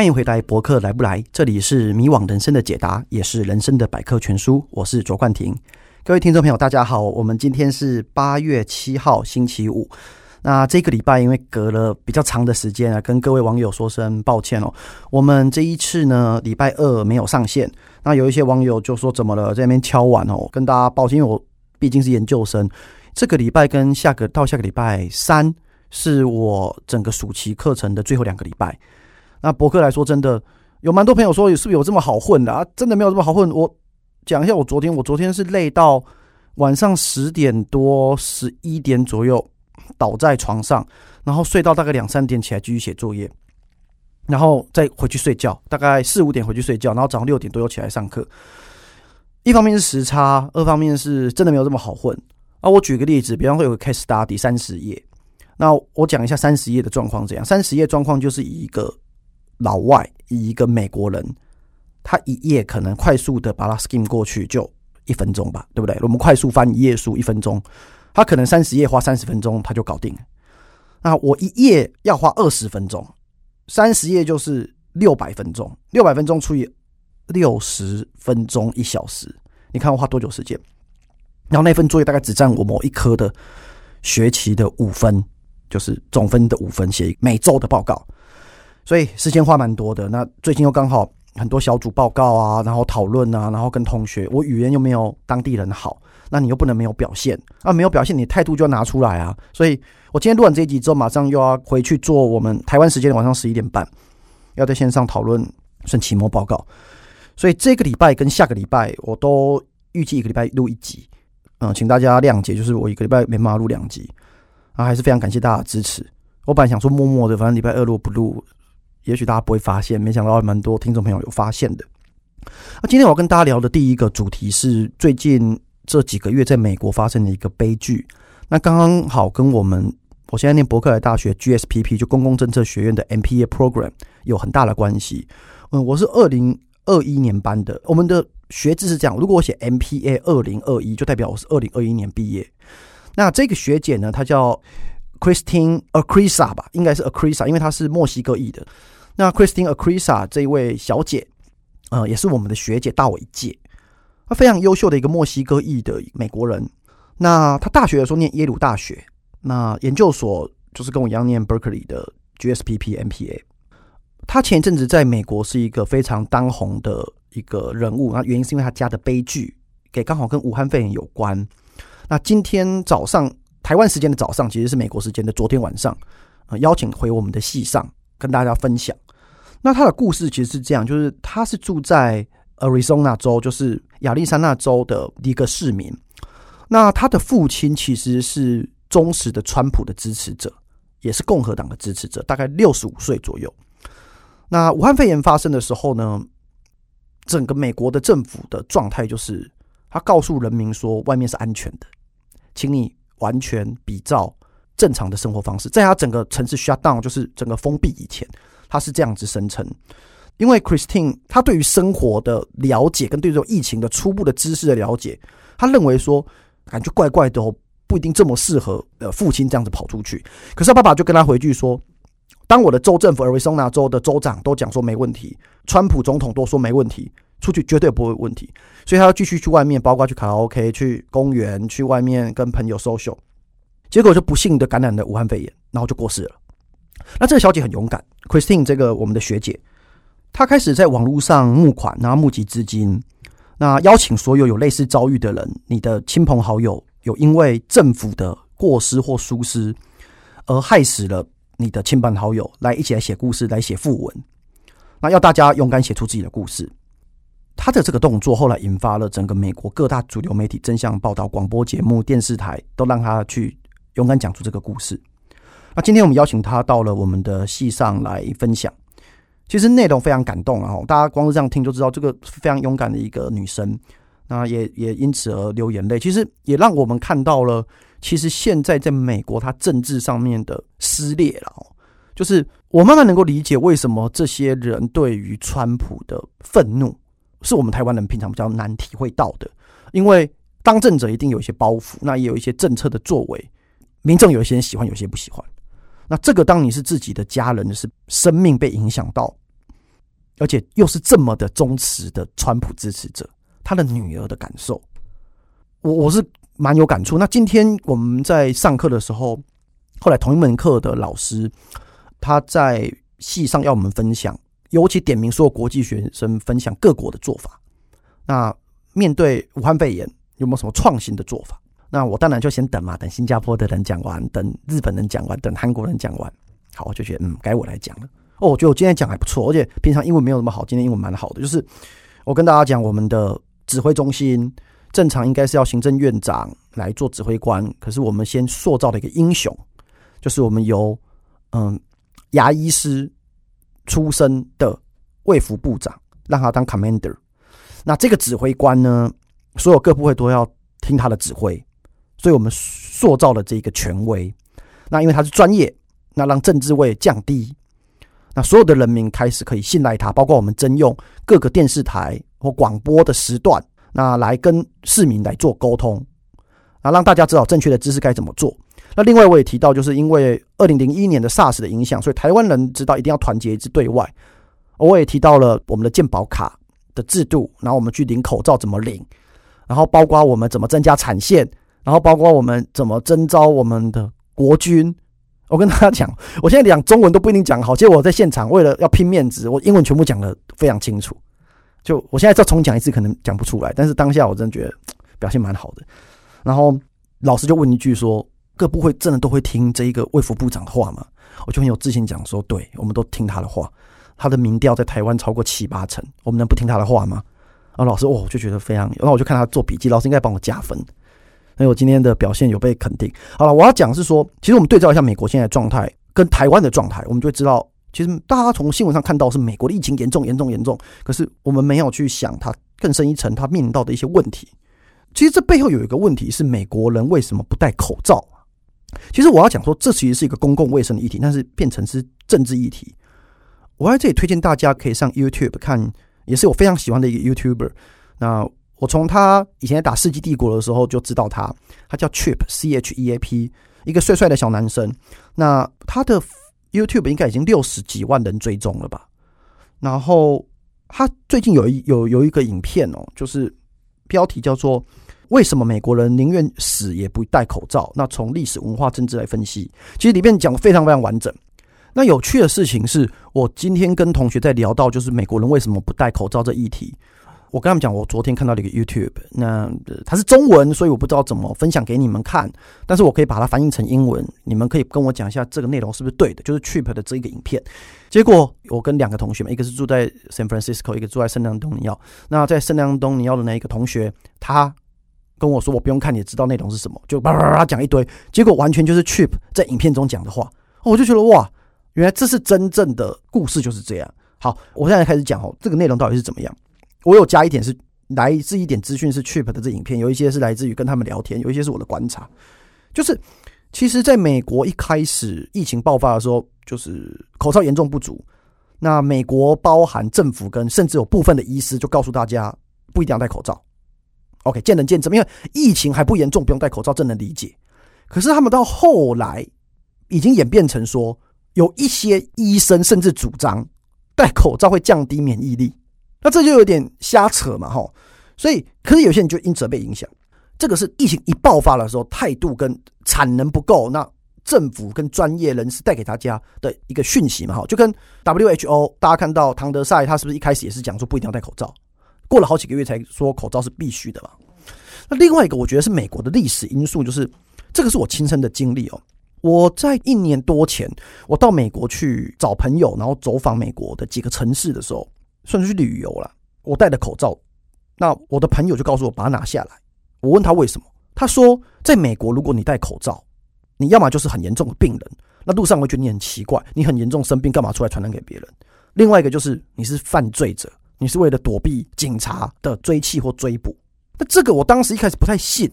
歡迎回來，柏克萊不來，這裡是迷惘人生的解答，也是人生的百科全書。我是卓冠廷，各位聽眾朋友，大家好。我們今天是八月七號，星期五。那這個禮拜因為隔了比較長的時間啊，跟各位網友說聲抱歉哦。我們這一次呢，禮拜二沒有上線。那有一些網友就說怎麼了，在那邊敲碗哦，跟大家抱歉，因為我畢竟是研究生。這個禮拜跟下個到下個禮拜三是我整個暑期課程的最後兩個禮拜。那柏克萊說，真的有蠻多朋友說，有是不是有這麼好混的啊？真的沒有這麼好混。我講一下，我昨天我昨天是累到晚上十點多十一點左右倒在床上，然後睡到大概兩三點起來繼續寫作業，然後再回去睡覺，大概四五點回去睡覺，然後早上六點多又起來上課。一方面是時差，二方面是真的沒有這麼好混。啊，我舉個例子，比方會有個 case study 三十頁，那我講一下三十頁的狀況怎樣。三十頁狀況就是一個。老外，一個美國人，他一頁可能快速的把它 skim 過去，就一分鐘吧，對不對？我們快速翻一頁書，一分鐘，他可能三十頁花三十分鐘，他就搞定。那我一頁要花二十分鐘，三十頁就是六百分鐘，六百分鐘除以六十分鐘一小時，你看我花多久時間？然後那份作業大概只占我某一科的學期的五分，就是總分的五分，寫每周的報告。所以時間花蠻多的。那最近又剛好很多小組報告啊，然後討論啊，然後跟同學。我語言又沒有當地人好，那你又不能沒有表現啊，沒有表現，你態度就要拿出來啊。所以我今天錄完這一集之後，馬上又要回去做我們台灣時間的晚上十一點半要在線上討論順期末報告。所以這個禮拜跟下個禮拜我都預計一個禮拜錄一集，嗯，請大家諒解，就是我一個禮拜沒辦法錄兩集啊，還是非常感謝大家的支持。我本來想說默默的，反正禮拜二如果不錄。也許大家不會發現，沒想到蠻多聽眾朋友有發現的。那、啊、今天我要跟大家聊的第一個主題是最近這幾個月在美國發生的一個悲劇。那剛剛好跟我們我現在念柏克萊大學 GSPP 就公共政策學院的 MPA program 有很大的關係。嗯，我是二零二一年班的，我們的學制是這樣：如果我寫 MPA 二零二一，就代表我是二零二一年畢業。那這個學姐呢，她叫。Christine Acressa 吧，應該是 Acressa，因為她是墨西哥裔的。那 Christine Acressa 這一位小姐，呃，也是我們的學姐大，大偉姐，她非常優秀的一個墨西哥裔的美國人。那她大學的時候念耶魯大學，那研究所就是跟我一樣念 Berkeley 的 GSPP MPA。她前一陣子在美國是一個非常當紅的一個人物，那原因是因為她家的悲劇給剛好跟武漢肺炎有關。那今天早上。台灣時間的早上，其實是美國時間的昨天晚上，呃，邀請回我們的戲上跟大家分享。那他的故事其實是這樣，就是他是住在 Arizona 州，就是亞利桑那州的一個市民。那他的父親其實是忠實的川普的支持者，也是共和黨的支持者，大概六十五歲左右。那武漢肺炎發生的時候呢，整個美國的政府的狀態就是他告訴人民說，外面是安全的，請你，完全比照正常的生活方式，在他整個城市 shutdown，就是整個封閉以前，他是這樣子生存。因為 Christine，他對於生活的了解跟對這種疫情的初步的知識的了解，他認為說感覺怪怪的、哦，不一定這麼適合。呃，父親這樣子跑出去，可是他爸爸就跟他回去說：“當我的州政府，Arizona 州的州長都講說沒問題，川普總統都說沒問題。”出去絕對不會有問題，所以他要繼續去外面，包括去卡拉 OK、去公園、去外面跟朋友 social。結果就不幸的感染了武漢肺炎，然後就過世了。那這個小姐很勇敢，Christine 這個我們的學姐，她開始在網絡上募款，然後募集資金，那邀請所有有類似遭遇的人，你的親朋好友有因為政府的過失或疏失而害死了你的親朋好友，來一起來寫故事，來寫訃文，那要大家勇敢寫出自己的故事。他的這個動作後來引發了整個美國各大主流媒體、真相報道廣播節目、電視台都讓他去勇敢講出這個故事。那今天我們邀請他到了我們的戲上來分享，其實內容非常感動啊！大家光是這樣聽就知道，這個非常勇敢的一個女生，啊，那也也因此而流眼淚。其實也讓我們看到了，其實現在在美國，他政治上面的撕裂了哦，就是我慢慢能夠理解為什麼這些人對於川普的憤怒是我們台灣人平常比較難體會到的，因為當政者一定有一些包袱，那也有一些政策的作為，民眾有些人喜歡，有些人不喜歡。那這個當你是自己的家人，是生命被影響到，而且又是這麼的忠實的川普支持者，他的女兒的感受，我我是蠻有感觸。那今天我們在上課的時候，後來同一門課的老師他在系上要我們分享。尤其點名所有國際學生分享各國的做法。那面對武漢肺炎，有沒有什麼創新的做法？那我當然就先等嘛，等新加坡的人講完，等日本人講完，等韓國人講完，好，我就覺得嗯，該我來講了。哦，我覺得我今天講還不錯，而且平常英文沒有那麼好，今天英文蠻好的。就是我跟大家講，我們的指揮中心正常應該是要行政院長來做指揮官，可是我們先塑造了一個英雄，就是我們由嗯牙醫師。出身的衛福部長讓他當 commander，那這個指揮官呢，所有各部會都要聽他的指揮，所以我們塑造了這個權威。那因為他是專業，那讓政治位降低，那所有的人民開始可以信賴他。包括我們徵用各個電視台或廣播的時段，那來跟市民來做溝通，啊，讓大家知道正確的知識該怎麼做。那另外我也提到，就是因為二零零一年的 SARS 的影響，所以台灣人知道一定要團結一致對外。我也提到了我們的健保卡的制度，然後我們去領口罩怎麼領，然後包括我們怎麼增加產線，然後包括我們怎麼徵召我們的國軍。我跟大家講，我現在講中文都不一定講好，其實我在現場為了要拼面子，我英文全部講得非常清楚。就我現在再重講一次，可能講不出來，但是當下我真的覺得表現蠻好的。然後老師就問一句說，各部會真的都會聽這一個衛福部長的話嗎？我就很有自信講說，對，我們都聽他的話。他的民調在台灣超過七八成，我們能不聽他的話嗎？啊，老師，哦、我就覺得非常，然、啊、後我就看他做筆記，老師應該幫我加分，所以我今天的表現有被肯定。好了，我要講是說，其實我們對照一下美國現在的狀態跟台灣的狀態，我們就會知道，其實大家從新聞上看到是美國的疫情嚴重、嚴重、嚴重，可是我們沒有去想它更深一層它面臨到的一些問題。其實這背後有一個問題是，美國人為什麼不戴口罩？其實我要講說，這其實是一個公共衛生的議題，但是變成是政治議題。我在這裡推薦大家可以上 YouTube 看，也是我非常喜歡的一個 YouTuber。那我從他以前在打《世紀帝國》的時候就知道他，他叫 Cheap，C H E A P，一個帥帥的小男生。那他的 YouTube 應該已經六十幾萬人追蹤了吧？然後他最近有一有有一個影片哦，就是標題叫做。為什麼美國人寧願死也不戴口罩？那從歷史、文化政治來分析，其實裡面講得非常非常完整。那有趣的事情是，我今天跟同學在聊到就是美國人為什麼不戴口罩這議題，我跟他們講，我昨天看到了一個 YouTube，那、呃、它是中文，所以我不知道怎麼分享給你們看，但是我可以把它翻譯成英文，你們可以跟我講一下這個內容是不是對的，就是 Cheap 的這一個影片。結果我跟兩個同學們，一個是住在 San Francisco，一個住在聖安東尼奧。那在聖安東尼奧的那一個同學，他。跟我說，我不用看，你知道內容是什麼，就叭叭叭講一堆，結果完全就是 Chip 在影片中講的話，我就覺得哇，原來這是真正的故事就是這樣。好，我現在開始講哦，這個內容到底是怎麼樣？我有加一點是來自一點資訊是 Chip 的這影片，有一些是來自於跟他們聊天，有一些是我的觀察，就是其實在美國一開始疫情爆發的時候，就是口罩嚴重不足，那美國包含政府跟甚至有部分的醫師就告訴大家不一定要戴口罩。OK，見仁見智，因為疫情還不嚴重，不用戴口罩，正能理解。可是他們到後來，已經演變成說，有一些醫生甚至主張戴口罩會降低免疫力，那這就有點瞎扯嘛，哈。所以，可是有些人就因此被影響。這個是疫情一爆發的時候，態度跟產能不夠，那政府跟專業人士帶給大家的一個訊息嘛，哈。就跟 WHO，大家看到譚德塞，他是不是一開始也是講說不一定要戴口罩？過了好幾個月才說口罩是必須的吧。那另外一個我覺得是美國的歷史因素，就是這個是我親身的經歷哦。我在一年多前我到美國去找朋友，然後走訪美國的幾個城市的時候，算是去旅遊了。我戴着口罩，那我的朋友就告訴我把它拿下來。我問他為什麼，他說在美國如果你戴口罩，你要麼就是很嚴重的病人，那路上會覺得你很奇怪，你很嚴重生病幹嘛出來傳染給別人？另外一個就是你是犯罪者。你是為了躲避警察的追緝、或追捕，那這個我當時一開始不太信，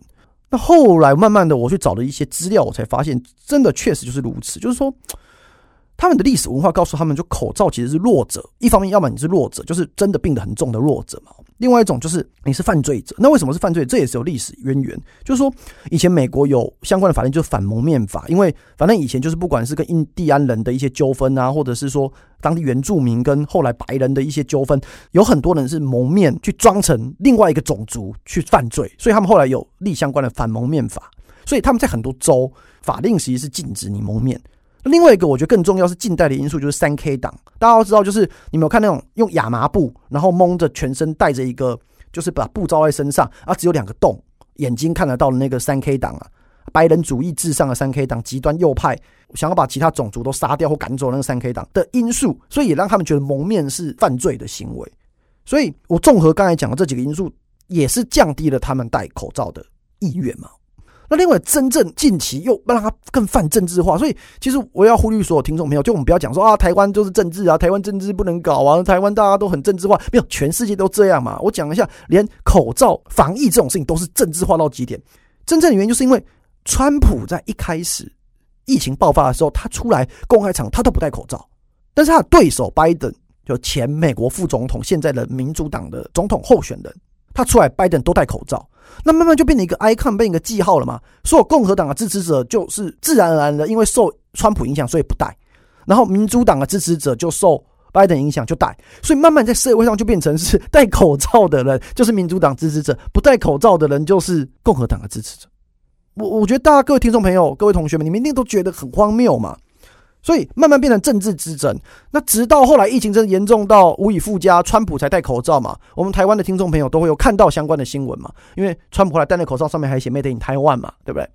那後來慢慢的我去找了一些資料，我才發現真的確實就是如此，就是說。他們的歷史文化告訴他們，就口罩其實是弱者。一方面，要麼你是弱者，就是真的病得很重的弱者嘛；另外一種就是你是犯罪者。那為什麼是犯罪？這也是有歷史淵源。就是說，以前美國有相關的法令，就是反蒙面法。因為反正以前就是不管是跟印第安人的一些糾紛啊，或者是說當地原住民跟後來白人的一些糾紛，有很多人是蒙面去裝成另外一個種族去犯罪，所以他們後來有立相關的反蒙面法。所以他們在很多州，法令其實是禁止你蒙面。另外一個我覺得更重要是近代的因素，就是三 K 黨。大家都知道，就是你們有看那種用亞麻布，然後蒙着全身，戴着一個，就是把布罩在身上，啊，只有兩個洞，眼睛看得到的那個三 K 黨啊，白人主義至上的三 K 黨，極端右派，想要把其他種族都殺掉或趕走那個三 K 黨的因素，所以也讓他們覺得蒙面是犯罪的行為。所以我綜合剛才講的這幾個因素，也是降低了他們戴口罩的意願嘛。那另外，真正近期又讓它更泛政治化，所以其實我要呼籲所有聽眾朋友，就我們不要講說啊，台灣就是政治啊，台灣政治不能搞啊，台灣大家都很政治化，沒有，全世界都這樣嘛。我講一下，連口罩防疫這種事情都是政治化到極點。真正的原因就是因為川普在一開始疫情爆發的時候，他出來公開場他都不戴口罩，但是他的對手拜登，就前美國副總統，現在的民主黨的總統候選人。他出來，拜登都戴口罩，那慢慢就變成一個 icon，變成一個記號了嘛。所以共和黨的支持者就是自然而然的，因為受川普影響，所以不戴。然後民主黨的支持者就受拜登影響，就戴。所以慢慢在社會上就變成是戴口罩的人就是民主黨支持者，不戴口罩的人就是共和黨的支持者。我我覺得大家各位聽眾朋友、各位同學們，你們一定都覺得很荒謬嘛。所以慢慢變成政治之爭。那直到後來疫情真的嚴重到無以復加，川普才戴口罩嘛。我們台灣的聽眾朋友都會有看到相關的新聞嘛，因為川普後來戴那口罩上面還寫 “Made in Taiwan” 嘛，對不對？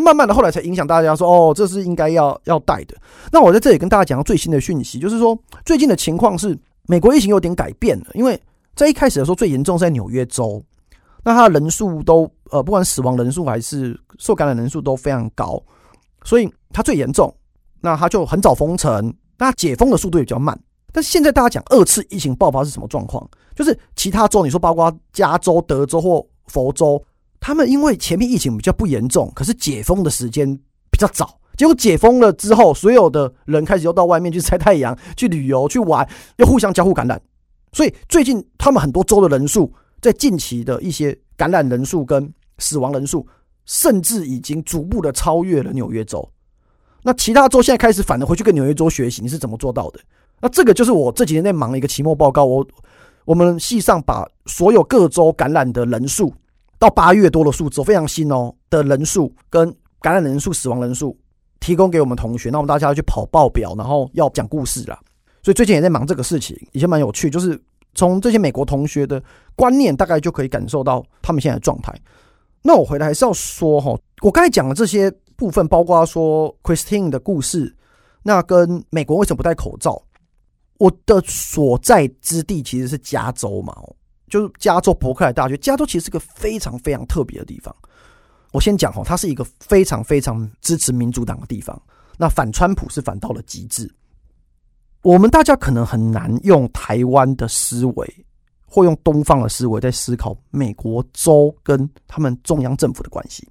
慢慢的後來才影響大家說：“哦，這是應該要要戴的。”那我在這裡跟大家講最新的訊息，就是說最近的情況是美國疫情有點改變了，因為在一開始的時候最嚴重是在紐約州，那他人數都呃不管死亡人數還是受感染人數都非常高，所以它最嚴重。那他就很早封城，那解封的速度也比較慢。但是現在大家講二次疫情爆發是什麼狀況？就是其他州，你說包括加州、德州或佛州，他們因為前面疫情比較不嚴重，可是解封的時間比較早，結果解封了之後，所有的人開始又到外面去曬太陽、去旅遊、去玩，又互相交互感染，所以最近他們很多州的人數，在近期的一些感染人數跟死亡人數，甚至已經逐步的超越了紐約州。那其他州現在開始反而回去跟紐約州學習，你是怎麼做到的？那這個就是我這幾天在忙的一個期末報告。我我們系上把所有各州感染的人數到八月多的數字，非常新哦的人數跟感染人數、死亡人數提供給我們同學。那我們大家要去跑報表，然後要講故事了。所以最近也在忙這個事情，也蠻有趣。就是從這些美國同學的觀念，大概就可以感受到他們現在的狀態。那我回來還是要說哈，我剛才講的這些。部分包括說 Christine 的故事，那跟美國為什麼不戴口罩？我的所在之地其實是加州嘛，就是加州柏克萊大學。加州其實是個非常非常特別的地方。我先講哦，它是一個非常非常支持民主黨的地方。那反川普是反到了極致。我們大家可能很難用台灣的思維或用東方的思維在思考美國州跟他們中央政府的關係。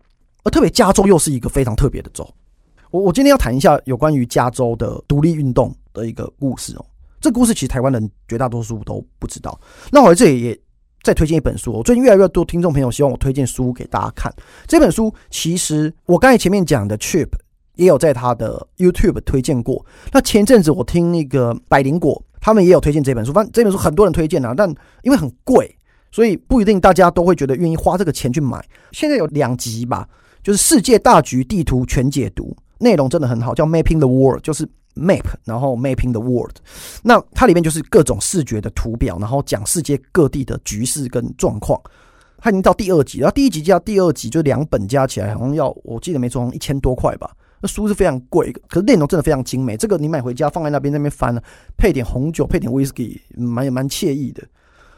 而特別，加州又是一個非常特別的州。我我今天要談一下有關於加州的獨立運動的一個故事哦。這故事其實台灣人絕大多數都不知道。那我在這裡也再推薦一本書。我最近越來越多聽眾朋友希望我推薦書給大家看。這本書其實我剛才前面講的 Trip 也有在他的 YouTube 推薦過。那前陣子我聽那個百靈果他們也有推薦這本書，反正這本書很多人推薦啊，但因為很貴，所以不一定大家都會覺得願意花這個錢去買。現在有兩集吧。就是世界大局地圖全解讀，內容真的很好，叫 Mapping the World，就是 Map，然後 Mapping the World，那它裡面就是各種視覺的圖表，然後講世界各地的局勢跟狀況。它已經到第二集，然後第一集加第二集就兩本加起來，好像要我記得沒錯，好像一千多塊吧。那書是非常貴的，可是內容真的非常精美。這個你買回家放在那邊，那邊翻了，配點紅酒，配點威士忌，蠻蠻愜意的。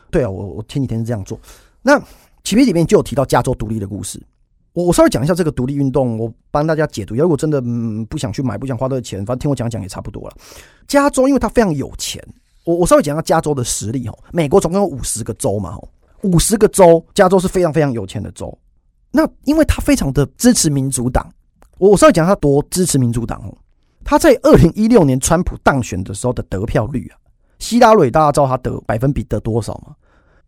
對啊，我我前幾天是這樣做。那前面裡面就有提到加州獨立的故事。我我稍微講一下這個獨立運動，我幫大家解讀一下。如果真的不想去買，不想花這個錢，反正聽我講講也差不多了。加州，因為他非常有錢，我我稍微講一下加州的實力哈。美國總共有五十個州嘛，哈，五十個州，加州是非常非常有錢的州。那因為他非常的支持民主黨，我我稍微講他多支持民主黨哦。他在二零一六年川普當選的時候的得票率啊，希拉蕊大家知道他得百分比得多少嗎？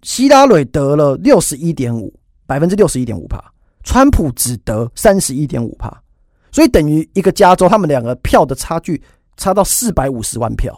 希拉蕊得了六十一點五百分之六十一點五。川普只得三十一點五趴，所以等於一個加州，他們兩個票的差距差到四百五十萬票。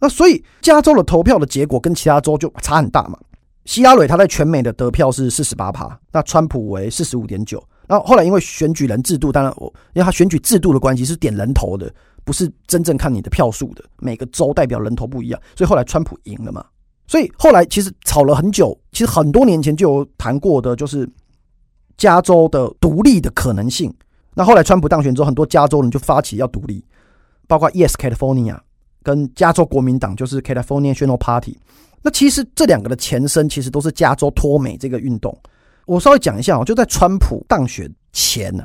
那所以加州的投票的結果跟其他州就差很大嘛。希拉蕊他在全美的得票是四十八趴，那川普為四十五點九。然後後來因為選舉人制度，當然我因為他選舉制度的關係是點人頭的，不是真正看你的票數的。每個州代表人頭不一樣，所以後來川普贏了嘛。所以後來其實吵了很久，其實很多年前就有談過的，就是。加州的獨立的可能性。那後來川普當選之後，很多加州人就發起要獨立，包括 Yes California 跟加州國民黨，就是 California National Party。那其實這兩個的前身，其實都是加州脫美這個運動。我稍微講一下哦、喔，就在川普當選前呢，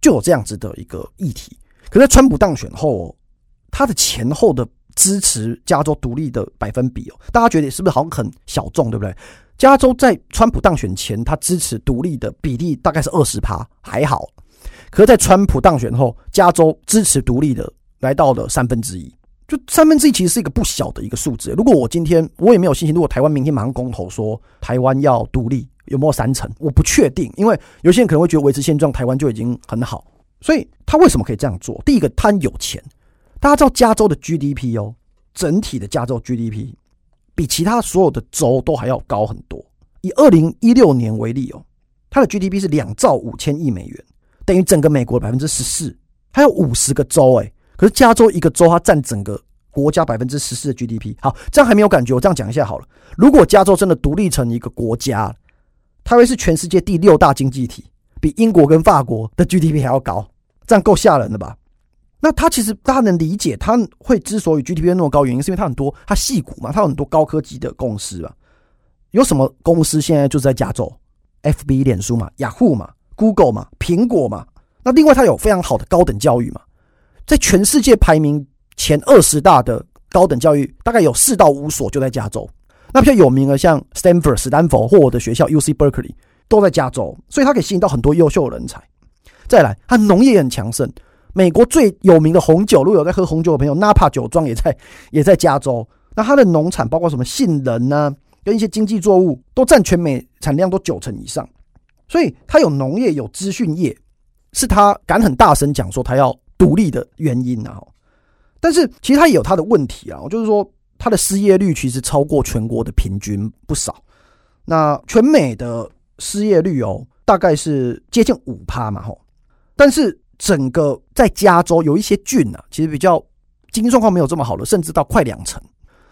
就有這樣子的一個議題。可是在川普當選後，他的前後的支持加州獨立的百分比哦，大家覺得是不是好像很小眾，對不對？加州在川普當選前，他支持獨立的比例大概是二十趴，還好。可是，在川普當選後，加州支持獨立的來到了三分之一，就三分之一其實是一個不小的一個數字。如果我今天我也沒有信心，如果台灣明天馬上公投說台灣要獨立，有沒有三成？我不確定，因為有些人可能會覺得維持現狀，台灣就已經很好。所以，他為什麼可以這樣做？第一個，他有錢。大家知道加州的 GDP 哦，整體的加州 GDP。比其他所有的州都還要高很多。以二零一六年為例哦、喔，它的 GDP 是兩兆五千億美元，等於整個美國百分之十四。還有五十個州哎、欸，可是加州一個州它占整個國家百分之十四的 GDP。好，這樣還沒有感覺，我這樣講一下好了。如果加州真的獨立成一個國家，它會是全世界第六大經濟體，比英國跟法國的 GDP 還要高，這樣夠嚇人的吧？那他其實大家能理解，他會之所以 GDP 那麼高，原因是因為他很多，他矽谷嘛，他有很多高科技的公司啊。有什麼公司現在就是在加州？F B 臉書嘛，雅虎嘛，Google 嘛，蘋果嘛。那另外它有非常好的高等教育嘛，在全世界排名前二十大的高等教育大概有四到五所就在加州。那比較有名啊，像 Stanford 史丹佛或我的學校 U C Berkeley 都在加州，所以它可以吸引到很多優秀的人才。再來，它農業也很強盛。美國最有名的紅酒，如果有在喝紅酒的朋友，納帕酒莊也在，也在加州。那它的農產包括什麼杏仁呢、啊？跟一些經濟作物都佔全美產量都九成以上，所以它有農業，有資訊業，是它敢很大聲講說它要獨立的原因啊。但是其實它也有它的問題啊，就是說它的失業率其實超過全國的平均不少。那全美的失業率哦，大概是接近五趴嘛，吼，但是。整個在加州有一些郡呢、啊，其實比較經濟狀況沒有這麼好了，甚至到快兩成。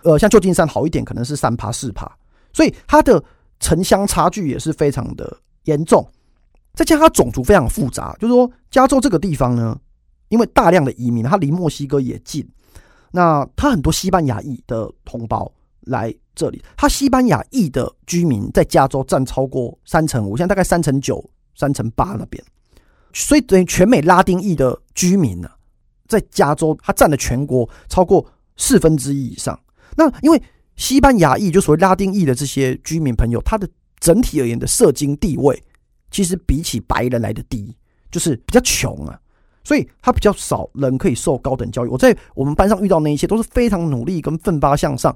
呃，像舊金山好一點，可能是三趴四趴。所以它的城鄉差距也是非常的嚴重。再加上它種族非常複雜，就是說加州這個地方呢，因為大量的移民，它離墨西哥也近，那它很多西班牙裔的同胞來這裡，它西班牙裔的居民在加州占超過三成五，現在大概三成九、三成八那邊。所以等於全美拉丁裔的居民呢、啊，在加州，它佔了全國超過四分之一以上。那因為西班牙裔就所謂拉丁裔的這些居民朋友，他的整體而言的社經地位，其實比起白人來的低，就是比較窮啊。所以他比較少人可以受高等教育。我在我們班上遇到那一些都是非常努力跟奮發向上，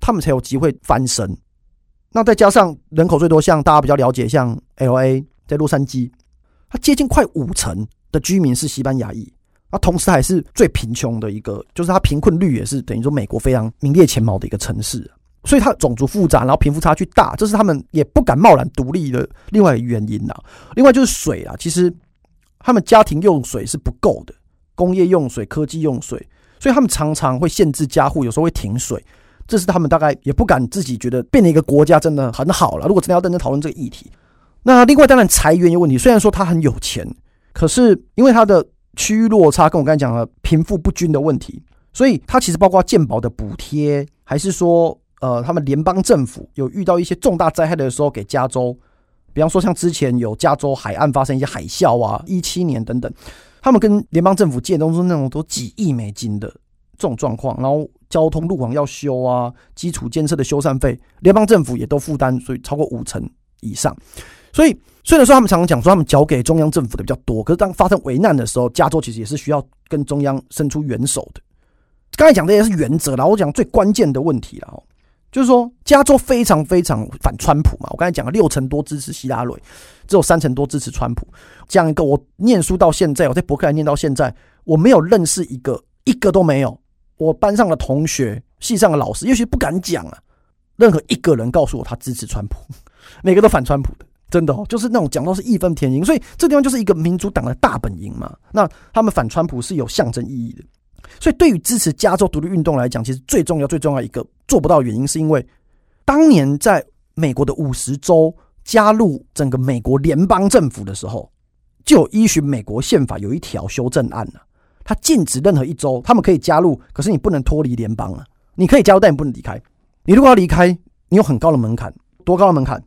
他們才有機會翻身。那再加上人口最多，像大家比較了解，像 LA 在洛杉磯。它接近快五成的居民是西班牙裔，那、啊、同時還是最貧窮的一個，就是它貧困率也是等於說美國非常名列前茅的一個城市，所以它種族複雜，然後貧富差距大，這是他們也不敢貿然獨立的另外一個原因啊。另外就是水啊，其實他們家庭用水是不夠的，工業用水、科技用水，所以他們常常會限制家戶，有時候會停水，這是他們大概也不敢自己覺得變成一個國家真的很好了。如果真的要認真討論這個議題，那另外當然財源有問題，雖然說他很有錢，可是因為他的區域落差，跟我剛才講的貧富不均的問題，所以他其實包括健保的補貼，還是說呃，他們聯邦政府有遇到一些重大災害的時候，給加州，比方說像之前有加州海岸發生一些海嘯啊，一七年等等，他們跟聯邦政府借的都是那種都幾億美金的這種狀況，然後交通路網要修啊，基礎建設的修繕費，聯邦政府也都負擔，所以超過五成以上。所以，雖然說他們常常講說他們交給中央政府的比較多，可是當發生危難的時候，加州其實也是需要跟中央伸出援手的。剛才講這些是原則了，我講最關鍵的問題了哦，就是說加州非常非常反川普嘛。我剛才講了六成多支持希拉蕊，只有三成多支持川普。這樣一個，我念書到現在，我在柏克萊念到現在，我沒有認識一個，一個都沒有。我班上的同學，系上的老師，也許不敢講啊，任何一個人告訴我他支持川普，每個都反川普的。真的哦，就是那種講到是義憤填膺，所以這地方就是一個民主黨的大本營嘛。那他們反川普是有象徵意義的。所以對於支持加州獨立運動來講，其實最重要、最重要一個做不到的原因，是因為當年在美國的五十州加入整個美國聯邦政府的時候，就有依循美國憲法有一條修正案了，啊，他禁止任何一州他們可以加入，可是你不能脫離聯邦了，啊。你可以加入，但你不能離開。你如果要離開，你有很高的門檻，多高的門檻？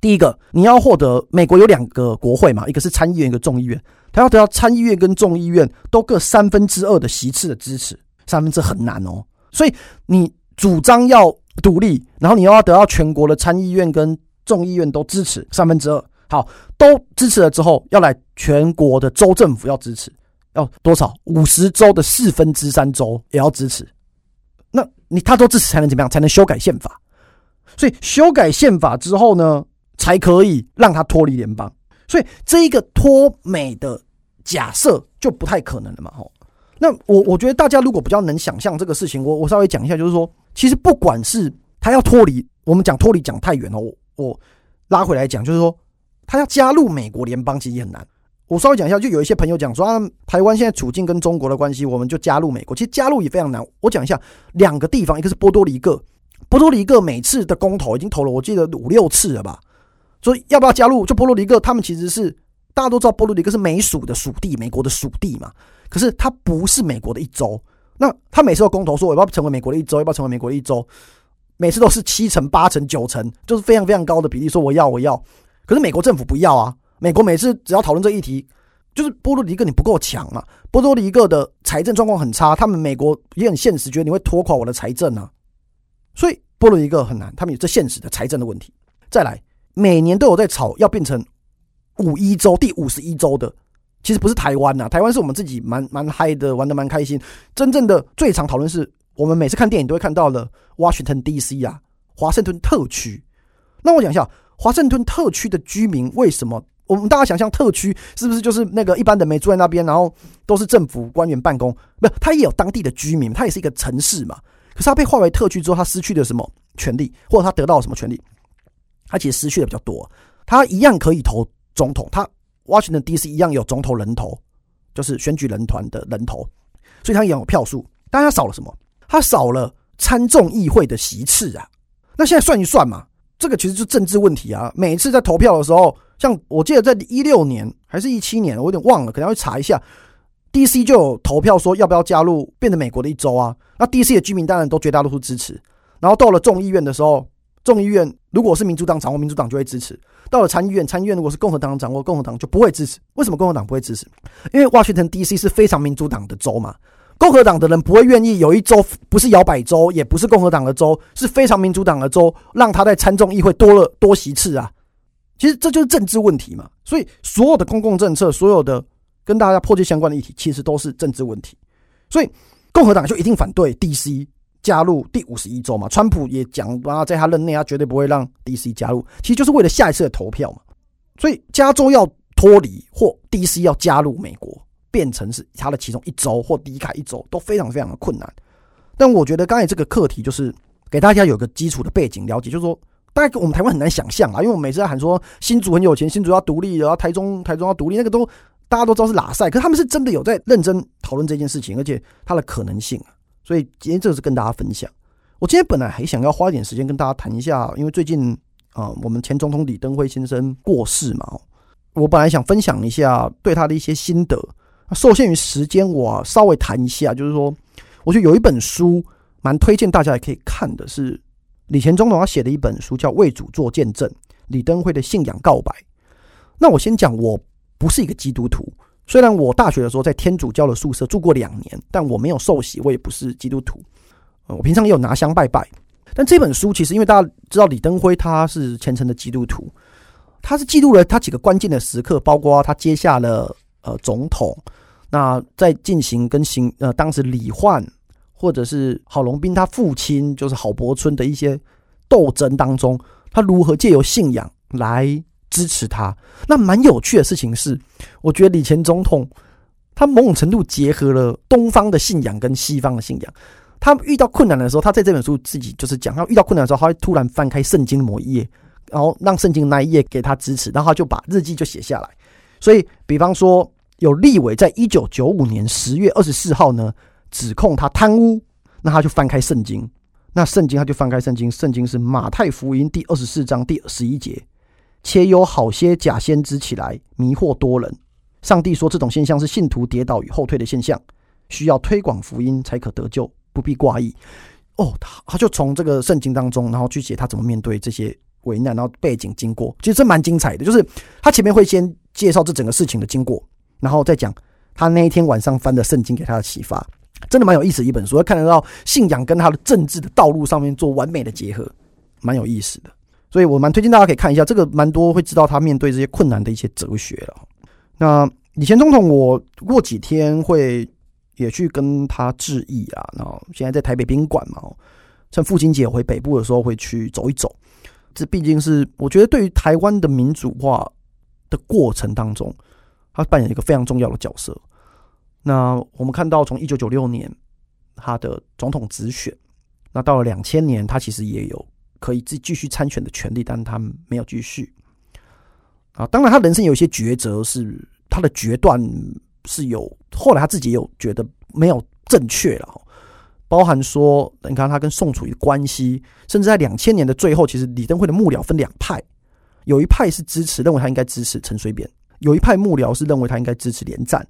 第一個，你要獲得美國有兩個國會嘛，一個是參議院，一個眾議院，他要得到參議院跟眾議院都各三分之二的席次的支持，三分之很難哦。所以你主張要獨立，然後你又要得到全國的參議院跟眾議院都支持三分之二，好，都支持了之後，要來全國的州政府要支持，要多少？五十州的四分之三州也要支持，那你他都支持才能怎麼樣？才能修改憲法。所以修改憲法之後呢？才可以讓他脫離聯邦，所以這一個脫美的假設就不太可能了嘛？吼，那我我覺得大家如果比較能想象這個事情，我我稍微講一下，就是說，其實不管是他要脫離，我們講脫離講太遠了，我拉回來講，就是說，他要加入美國聯邦其實也很難。我稍微講一下，就有一些朋友講說，啊，台灣現在處境跟中國的關係，我們就加入美國，其實加入也非常難。我講一下兩個地方，一個是波多黎各，波多黎各每次的公投已經投了，我記得五六次了吧。所以要不要加入？就波多黎各他們其實是大家都知道波多黎各是美屬的屬地，美國的屬地嘛。可是他不是美國的一州。那他每次都公投說我要不要成為美國的一州，要不要成為美國的一州？每次都是七成、八成、九成，就是非常非常高的比例，說我要，我要。可是美國政府不要啊。美國每次只要討論這議題，就是波多黎各你不夠強嘛。波多黎各的財政狀況很差，他們美國也很現實，覺得你會拖垮我的財政啊。所以波多黎各很難，他們有這現實的財政的問題。再來。每年都有在吵要變成五一州、第五十一州的。其實不是台灣吶，台灣是我們自己蠻蠻嗨的，玩的蠻開心。真正的最常討論是，我們每次看電影都會看到了 Washington D C 啊，華盛頓特區。那我講一下，華盛頓特區的居民為什麼？我們大家想象特區是不是就是那個一般人沒住在那邊，然後都是政府官員辦公？沒有，它也有當地的居民，它也是一個城市嘛。可是它被劃為特區之後，它失去了什麼權利，或者它得到了什麼權利？他其實失去的比較多，他一樣可以投總統，他 Washington D C 一樣有總統人頭，就是選舉人團的人頭，所以他一樣有票數，但他少了什麼？他少了參眾議會的席次啊。那現在算一算嘛，這個其實就是政治問題啊。每一次在投票的時候，像我記得在一六年還是一七年，我有點忘了，可能會查一下 D C 就有投票說要不要加入，變成美國的一州啊。那 D C 的居民當然都絕大多數支持，然後到了眾議院的時候。眾議院如果是民主黨掌握，民主黨就會支持；到了參議院，參議院如果是共和黨掌握，共和黨就不會支持。為什麼共和黨不會支持？因為華盛頓 DC 是非常民主黨的州嘛，共和黨的人不會願意有一州不是搖擺州，也不是共和黨的州，是非常民主黨的州，讓他在參眾議會多了多席次啊！其實這就是政治問題嘛。所以所有的公共政策，所有的跟大家迫切相關的議題，其實都是政治問題。所以共和黨就一定反對 DC。加入第五十一州嘛，川普也講，然後在他任內，他絕對不會讓 D.C 加入，其實就是為了下一次的投票嘛。所以，加州要脫離或 D.C 要加入美國，變成是他的其中一州或離開一州，都非常非常的困難。但我覺得剛才這個課題就是給大家有個基礎的背景了解，就是說，大概我們台灣很難想象啊，因為我們每次在喊說新竹很有錢，新竹要獨立，然後台中台中要獨立，那個都大家都知道是哪賽，可是他們是真的有在認真討論這件事情，而且它的可能性啊。所以今天這是跟大家分享。我今天本來還想要花一點時間跟大家談一下，因為最近啊，我們前總統李登輝先生過世嘛，我本來想分享一下對他的一些心得。受限於時間，我、啊、稍微談一下，就是說，我就有一本書蠻推薦大家也可以看的，是李前總統他寫的一本書，叫《為主作見證：李登輝的信仰告白》。那我先講，我不是一個基督徒。雖然我大學的時候在天主教的宿舍住過兩年，但我沒有受洗，我也不是基督徒。呃，我平常也有拿香拜拜。但這本書其實因為大家知道李登輝他是虔誠的基督徒，他是記錄了他幾個關鍵的時刻，包括他接下了呃總統，那在進行跟行呃當時李煥或者是郝龍斌他父親就是郝柏村的一些鬥爭當中，他如何借由信仰來。支持他。那蠻有趣的事情是，我覺得李前總統他某種程度結合了東方的信仰跟西方的信仰。他遇到困難的時候，他在這本書自己就是講，他遇到困難的時候，他會突然翻開聖經某一頁，然後讓聖經那一頁給他支持，然後他就把日記就寫下來。所以，比方說有立委在一九九五年十月二十四號呢，指控他貪污，那他就翻開聖經，那聖經他就翻開聖經，聖經是馬太福音第二十四章第二十一節。且有好些假先知起來迷惑多人。上帝說，這種現象是信徒跌倒與後退的現象，需要推廣福音才可得救，不必掛意。哦，他就從這個聖經當中，然後去寫他怎麼面對這些危難，然後背景經過，其實這蠻精彩的。就是他前面會先介紹這整個事情的經過，然後再講他那一天晚上翻的聖經給他的啟發，真的蠻有意思。一本書，看得到信仰跟他的政治的道路上面做完美的結合，蠻有意思的。所以我蠻推薦大家可以看一下，這個蠻多會知道他面對這些困難的一些哲學了。那以前總統，我過幾天會也去跟他致意啊。然後現在在台北賓館嘛，趁父親節回北部的時候會去走一走。這畢竟是我覺得對於台灣的民主化的過程當中，他扮演一個非常重要的角色。那我們看到從一九九六年他的總統直選，那到了兩千年，他其實也有。可以繼繼續參選的權利，但他沒有繼續。啊，當然，他人生有一些抉擇，是他的決斷是有，後來他自己也有覺得沒有正確了，包含說，你看他跟宋楚瑜關係，甚至在兩千年的最後，其實李登輝的幕僚分兩派，有一派是支持，認為他應該支持陳水扁，有一派幕僚是認為他應該支持連戰。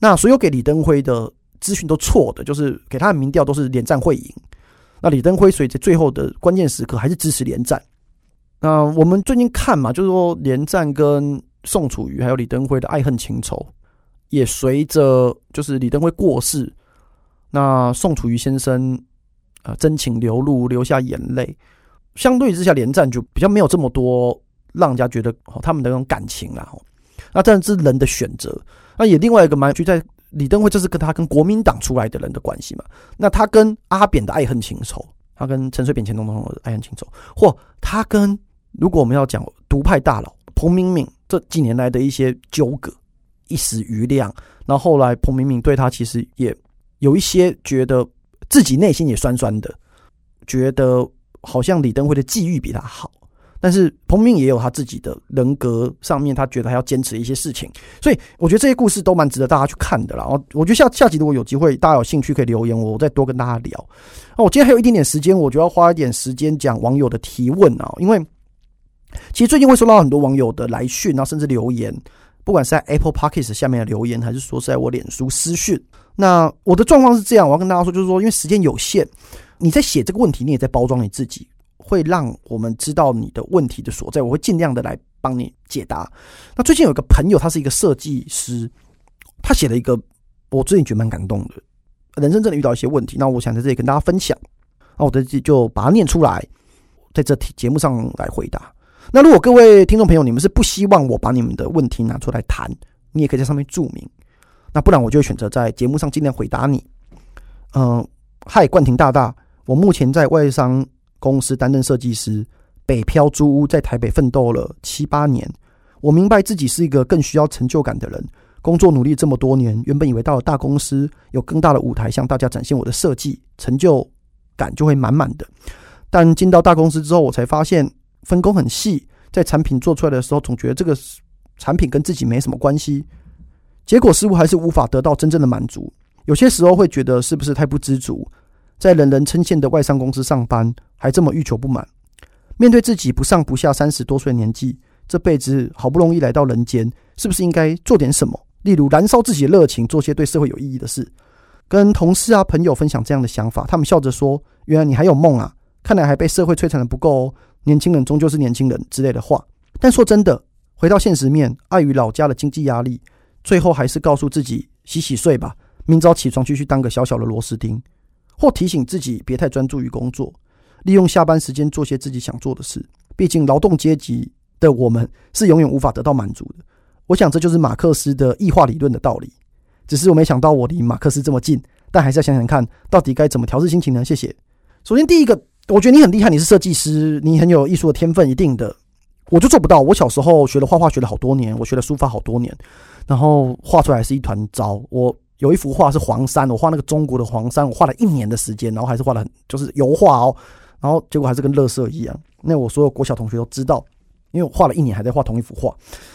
那所有給李登輝的資訊都錯的，就是給他的民調都是連戰會贏。那李登輝，隨着最後的關鍵時刻，還是支持連戰。那我們最近看嘛，就是說連戰跟宋楚瑜還有李登輝的愛恨情仇，也隨着就是李登輝過世，那宋楚瑜先生啊真情流露，流下眼淚。相對之下，連戰就比較沒有這麼多讓人家覺得哦，他們的那種感情啊。那這樣是人的選擇。那也另外一個蠻就在。李登輝就是跟他跟國民黨出來的人的關係嘛,那他跟阿扁的愛恨情仇，他跟陳水扁、前總統的愛恨情仇，或他跟如果我們要講獨派大佬彭明敏這幾年來的一些糾葛一時瑜亮，然後，後來彭明敏對他其實也有一些覺得自己內心也酸酸的，覺得好像李登輝的際遇比他好。但是彭明也有他自己的人格上面，他覺得他要堅持一些事情，所以我覺得這些故事都蠻值得大家去看的啦。我覺得下下集如果有機會，大家有興趣可以留言我，我再多跟大家聊。那我今天還有一點點時間，我就要花一點時間講網友的提問啊，因為其實最近會收到很多網友的來訊啊，甚至留言，不管是在 Apple Podcast 下面的留言，還是說是在我臉書私訊。那我的狀況是這樣，我要跟大家說，就是說因為時間有限，你在寫這個問題，你也在包裝你自己。會讓我們知道你的問題的所在，我會盡量的來幫你解答。那最近有個朋友，他是一個設計師，他寫了一個，我最近覺得蠻感動的，人生真的遇到一些問題。那我想在這裡跟大家分享。那我在這就把它念出來，在這節目上來回答。那如果各位聽眾朋友，你們是不希望我把你們的問題拿出來談，你也可以在上面注明。那不然我就選擇在節目上盡量回答你。嗯，嗨，冠廷大大，我目前在外商。公司擔任設計師，北漂租屋，在台北奮鬥了七八年。我明白自己是一個更需要成就感的人，工作努力這麼多年，原本以為到了大公司有更大的舞台，向大家展現我的設計，成就感就會滿滿的。但進到大公司之後，我才發現分工很細，在產品做出來的時候，總覺得這個產品跟自己沒什麼關係，結果似乎還是無法得到真正的滿足。有些時候會覺得是不是太不知足？在人人稱羨的外商公司上班，還這麼欲求不滿。面對自己不上不下三十多歲的年紀，這輩子好不容易來到人間，是不是應該做點什麼？例如燃燒自己的熱情，做些對社會有意義的事。跟同事啊朋友分享這樣的想法，他們笑着說：“原來你還有夢啊！看來還被社會摧殘得不夠哦。”年輕人終究是年輕人之類的話。但說真的，回到現實面，礙於老家的經濟壓力，最後還是告訴自己，洗洗睡吧，明早起床繼續當個小小的螺絲釘。或提醒自己別太專注於工作，利用下班時間做些自己想做的事。畢竟勞動階級的我們是永遠無法得到滿足的。我想這就是馬克思的異化理論的道理。只是我沒想到我離馬克思這麼近，但還是要想想看到底該怎麼調適心情呢？謝謝。首先第一個，我覺得你很厲害，你是設計師，你很有藝術的天分，一定的，我就做不到。我小時候學了畫畫，學了好多年，我學了書法好多年，然後畫出來是一團糟。我。有一幅畫是黃山，我畫那個中國的黃山，我畫了一年的時間，然後還是畫了很，就是油畫哦、喔，然後結果還是跟垃圾一樣。那我所有國小同學都知道，因為我畫了一年還在畫同一幅畫，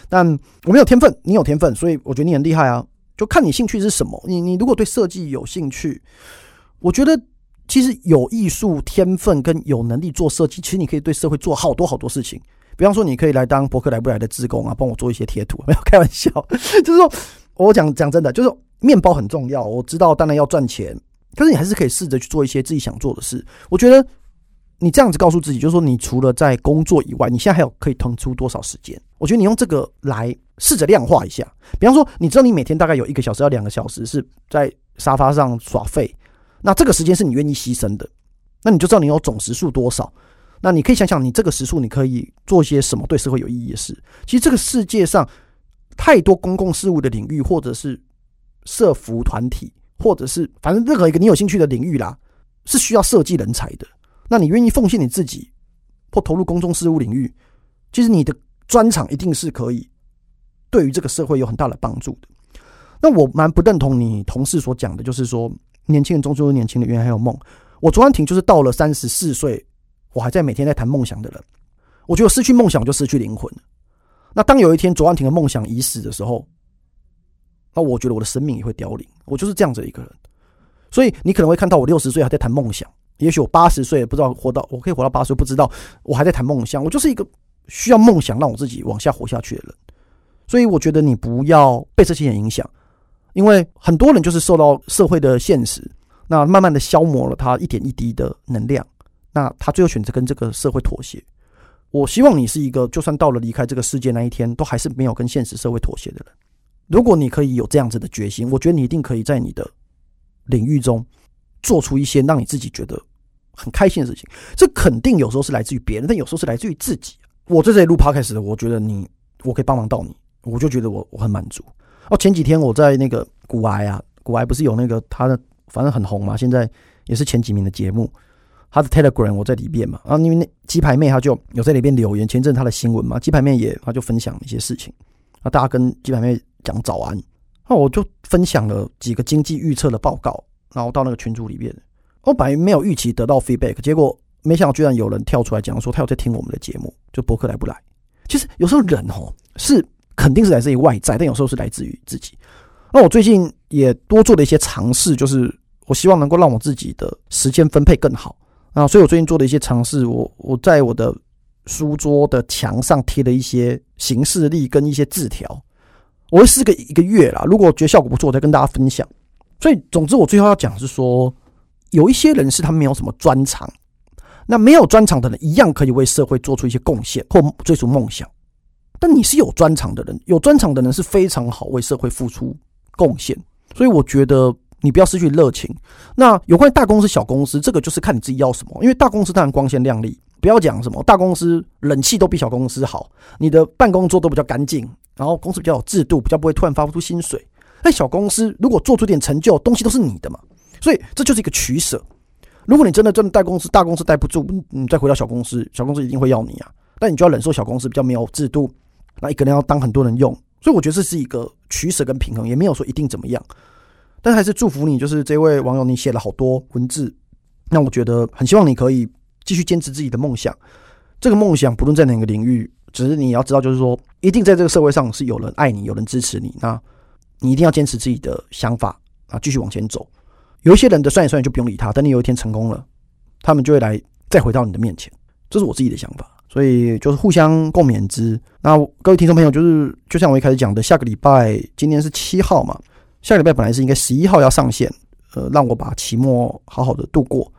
但我沒有天分，你有天分，所以我覺得你很厲害啊。就看你興趣是什麼，你你如果對設計有興趣，我覺得其實有藝術天分跟有能力做設計，其實你可以對社會做好多好多事情。比方說，你可以來當柏克萊不來的志工啊，幫我做一些貼圖。沒有開玩笑，就是說我講講真的，就是。麵包很重要，我知道，當然要賺錢，但是你還是可以試着去做一些自己想做的事。我覺得你這樣子告訴自己，就是說，你除了在工作以外，你現在還有可以騰出多少時間？我覺得你用這個來試着量化一下，比方說，你知道你每天大概有一個小時到兩個小時是在沙發上耍廢，那這個時間是你願意犧牲的，那你就知道你有總時數多少。那你可以想想，你這個時數你可以做些什麼對社會有意義的事。其實這個世界上太多公共事務的領域，或者是社服團體，或者是反正任何一個你有興趣的領域啦，是需要設計人才的。那你願意奉獻你自己，或投入公眾事務領域，其實你的專長一定是可以對於這個社會有很大的幫助的。那我蠻不認同你同事所講的，就是說年輕人終究是年輕人，原來還有夢。我卓安婷就是到了三十四歲，我還在每天在談夢想的人。我覺得失去夢想就失去靈魂了。那當有一天卓安婷的夢想已死的時候，那我覺得我的生命也會凋零，我就是這樣子一個人。所以你可能會看到我六十歲還在談夢想，也許我八十歲不知道活到，我可以活到八十歲不知道，我還在談夢想。我就是一個需要夢想讓我自己往下活下去的人。所以我覺得你不要被這些人影響，因為很多人就是受到社會的現實，那慢慢的消磨了他一點一滴的能量，那他最後選擇跟這個社會妥協。我希望你是一個，就算到了離開這個世界那一天，都還是沒有跟現實社會妥協的人。如果你可以有這樣子的決心，我覺得你一定可以在你的領域中做出一些讓你自己覺得很開心的事情。這肯定有時候是來自於別人，但有時候是來自於自己。我在這錄 podcast，我覺得你，我可以幫忙到你，我就覺得我我很滿足。哦，前幾天我在那個古埃啊，古埃不是有那個他的，反正很紅嘛，現在也是前幾名的節目，他的 Telegram 我在裡邊嘛，然後因為那雞排妹她就有在裡邊留言，前陣她的新聞嘛，雞排妹也她就分享一些事情，那、啊、大家跟雞排妹。講早安，那我就分享了幾個經濟預測的報告，然後到那個群組裡面。我本來沒有預期得到 feedback，結果沒想到居然有人跳出來講說他有在聽我們的節目，就柏克萊不來？其實有時候人哦是肯定是來自於外在，但有時候是來自於自己。那我最近也多做了一些嘗試，就是我希望能夠讓我自己的時間分配更好啊。所以我最近做的一些嘗試，我我在我的書桌的牆上貼了一些行事曆跟一些字條。我會試個一個月啦，如果覺得效果不錯，我再跟大家分享。所以，總之我最後要講是說，有一些人是他沒有什麼專長，那沒有專長的人一樣可以為社會做出一些貢獻或追逐夢想。但你是有專長的人，有專長的人是非常好為社會付出貢獻。所以，我覺得你不要失去熱情。那有關於大公司、小公司，這個就是看你自己要什麼。因為大公司當然光鮮亮麗，不要講什麼大公司冷氣都比小公司好，你的辦公桌都比較乾淨。然後公司比較有制度，比較不會突然發不出薪水。但，小公司如果做出點成就，東西都是你的嘛。所以這就是一個取捨。如果你真的真的待公司，大公司待不住，你再回到小公司，小公司一定會要你啊。但你就要忍受小公司比較沒有制度，那一個人要當很多人用。所以我覺得這是一個取捨跟平衡，也沒有說一定怎麼樣。但還是祝福你，就是這位網友，你寫了好多文字，那我覺得很希望你可以繼續堅持自己的夢想。這個夢想不論在哪個領域。只是你要知道，就是說，一定在這個社會上是有人愛你，有人支持你。那，你一定要堅持自己的想法啊，繼續往前走。有一些人的算一算也就不用理他，等你有一天成功了，他們就會來再回到你的面前。這是我自己的想法，所以就是互相共勉之。那各位聽眾朋友，就是就像我一開始講的，下個禮拜，今天是七號嘛，下個禮拜本來是應該十一號要上線，呃，讓我把期末好好的度過。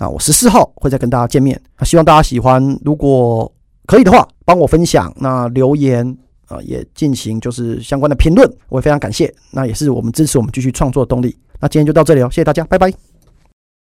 那我十四號會再跟大家見面。那希望大家喜歡，如果可以的話。幫我分享，那留言啊、呃、也進行就是相關的評論，我也非常感謝。那也是我們支持我們繼續創作的動力。那今天就到這裡哦，謝謝大家，拜拜。